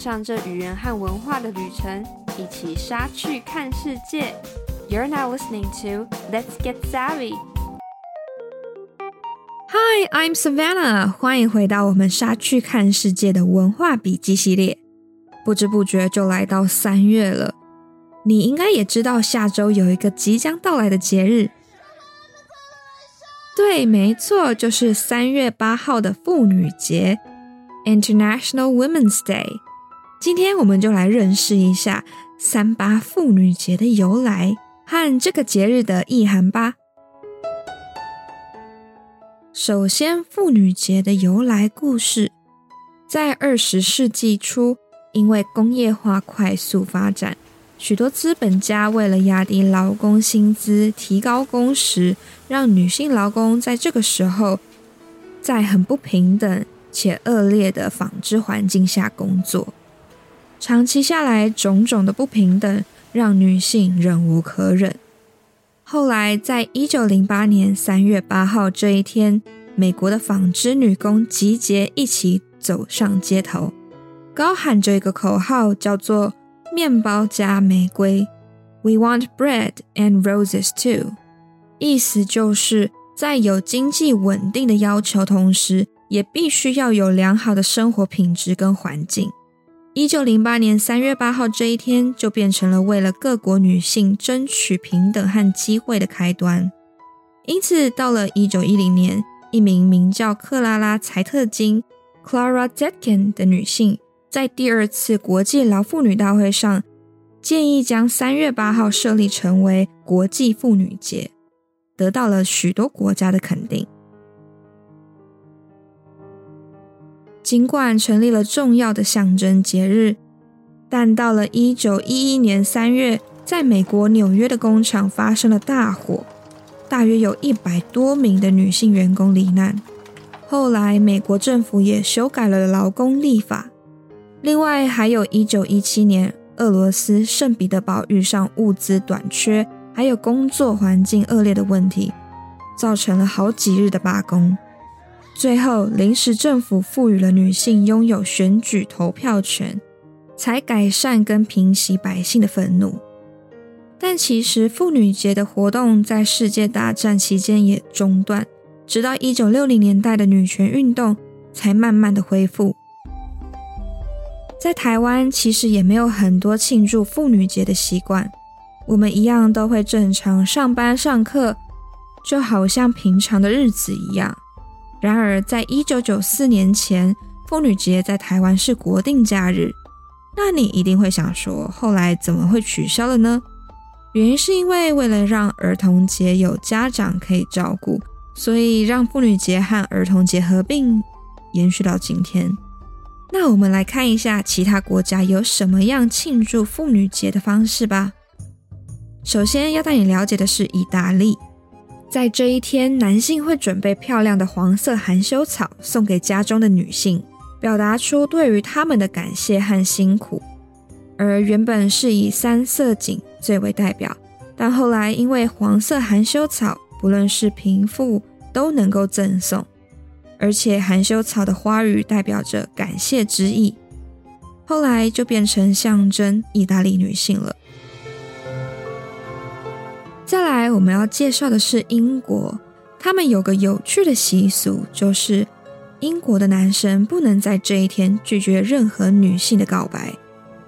上這語言和文化的旅程，一起莎去看世界。You're now listening to Let's Get Savvy。Hi, I'm Savannah。歡迎回到我們莎去看世界的文化筆記系列。不知不覺就來到三月了，你應該也知道下周有一個即將到來的節日。對，沒錯，就是三月八號的婦女節，International Women's Day。今天我們就來認識一下三八婦女節的由來和這個節日的意涵吧。首先，婦女節的由來故事，在二十世紀初，因為工業化快速發展，許多資本家為了壓低勞工薪資、提高工時，讓女性勞工在這個時候在很不平等且惡劣的紡織環境下工作。長期下來，種種的不平等讓女性忍無可忍。後來，在一九零八年三月八號這一天，美國的紡織女工集結一起走上街頭，高喊着一個口號，叫做“麵包加玫瑰 ”，We want bread and roses too。意思就是在有經濟穩定的要求同時，也必須要有良好的生活品質跟環境。一九零八年三月八號這一天，就變成了為了各國女性爭取平等和機會的開端。因此，到了一九一零年，一名名叫克拉拉·蔡特金 （Clara Zetkin） 的女性，在第二次國際勞婦女大會上，建議將三月八號設立成為國際婦女節，得到了許多國家的肯定。儘管成立了重要的象徵節日，但到了一九一一年三月，在美國紐約的工廠發生了大火，大約有一百多名的女性員工罹難。後來，美國政府也修改了勞工立法。另外，還有一九一七年，俄羅斯聖彼得堡遇上物資短缺，還有工作環境惡劣的問題，造成了好幾日的罷工。最後，臨時政府賦予了女性擁有選舉投票權，才改善跟平息百姓的憤怒。但其實，婦女節的活動在世界大戰期間也中斷，直到一九六零年代的女權運動才慢慢的恢復。在台灣，其實也沒有很多慶祝婦女節的習慣，我們一樣都會正常上班上課，就好像平常的日子一樣。然而，在1994年前，婦女節在台灣是國定假日。那你一定會想說，後來怎麼會取消了呢？原因是因為為了讓兒童節有家長可以照顧，所以讓婦女節和兒童節合併，延續到今天。那我們來看一下其他國家有什麼樣慶祝婦女節的方式吧。首先，要帶你了解的是意大利。在這一天，男性會準備漂亮的黃色含羞草送給家中的女性，表達出對於她們的感謝和辛苦。而原本是以三色堇最為代表，但後來因為黃色含羞草不論是貧富都能夠贈送，而且含羞草的花語代表着感謝之意，後來就變成象徵意大利女性了。接下來我們要介紹的是英國，他們有個有趣的習俗，就是英國的男生不能在這一天拒絕任何女性的告白。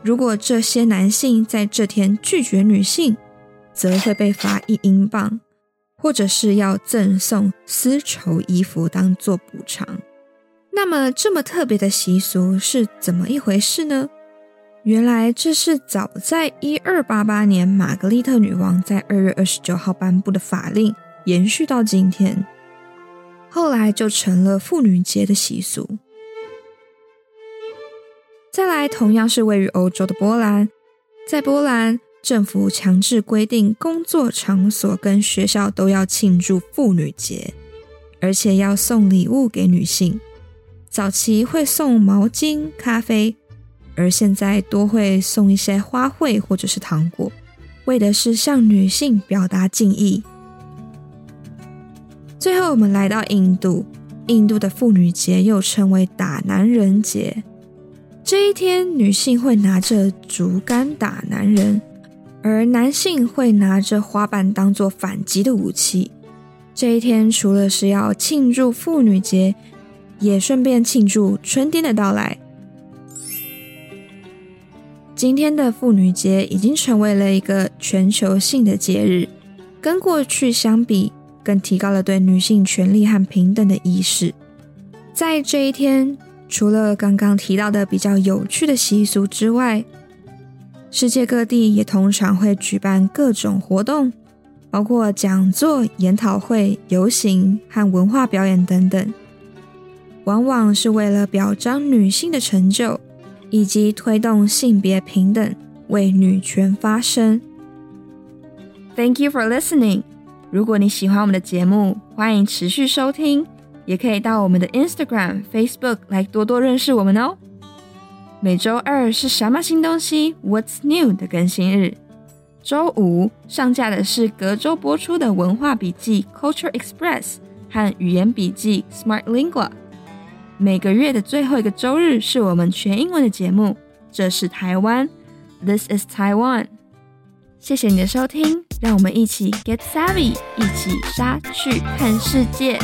如果這些男性在這天拒絕女性，則會被罰一英鎊，或者是要贈送絲綢衣服當做補償。那麼這麼特別的習俗是怎麼一回事呢？原來這是早在一二八八年，瑪格麗特女王在二月二十九號頒布的法令，延續到今天，後來就成了婦女節的習俗。再來，同樣是位於歐洲的波蘭，在波蘭政府強制規定，工作場所跟學校都要慶祝婦女節，而且要送禮物給女性。早期會送毛巾、咖啡。而現在多會送一些花卉或者是糖果，為的是向女性表達敬意。最後，我們來到印度，印度的婦女節又稱為“打男人節”。這一天，女性會拿着竹竿打男人，而男性會拿着花瓣當做反擊的武器。這一天除了是要慶祝婦女節，也順便慶祝春天的到來。今天的婦女節已經成為了一個全球性的節日，跟過去相比，更提高了對女性權利和平等的意識。在這一天，除了剛剛提到的比較有趣的習俗之外，世界各地也通常會舉辦各種活動，包括講座、研討會、遊行和文化表演等等，往往是為了表彰女性的成就。以及推動性別平等，為女權發聲。Thank you for listening！如果你喜歡我們的節目，歡迎持續收聽，也可以到我們的 Instagram、Facebook 來多多認識我們哦。每周二是什麼新東西？What's new 的更新日。周五上架的是隔周播出的文化筆記《Culture Express》和語言筆記《Smart Lingua》。每個月的最後一個週日是我們全英文的節目。這是台灣，This is Taiwan。謝謝你的收聽，讓我們一起 get savvy，一起莎去看世界。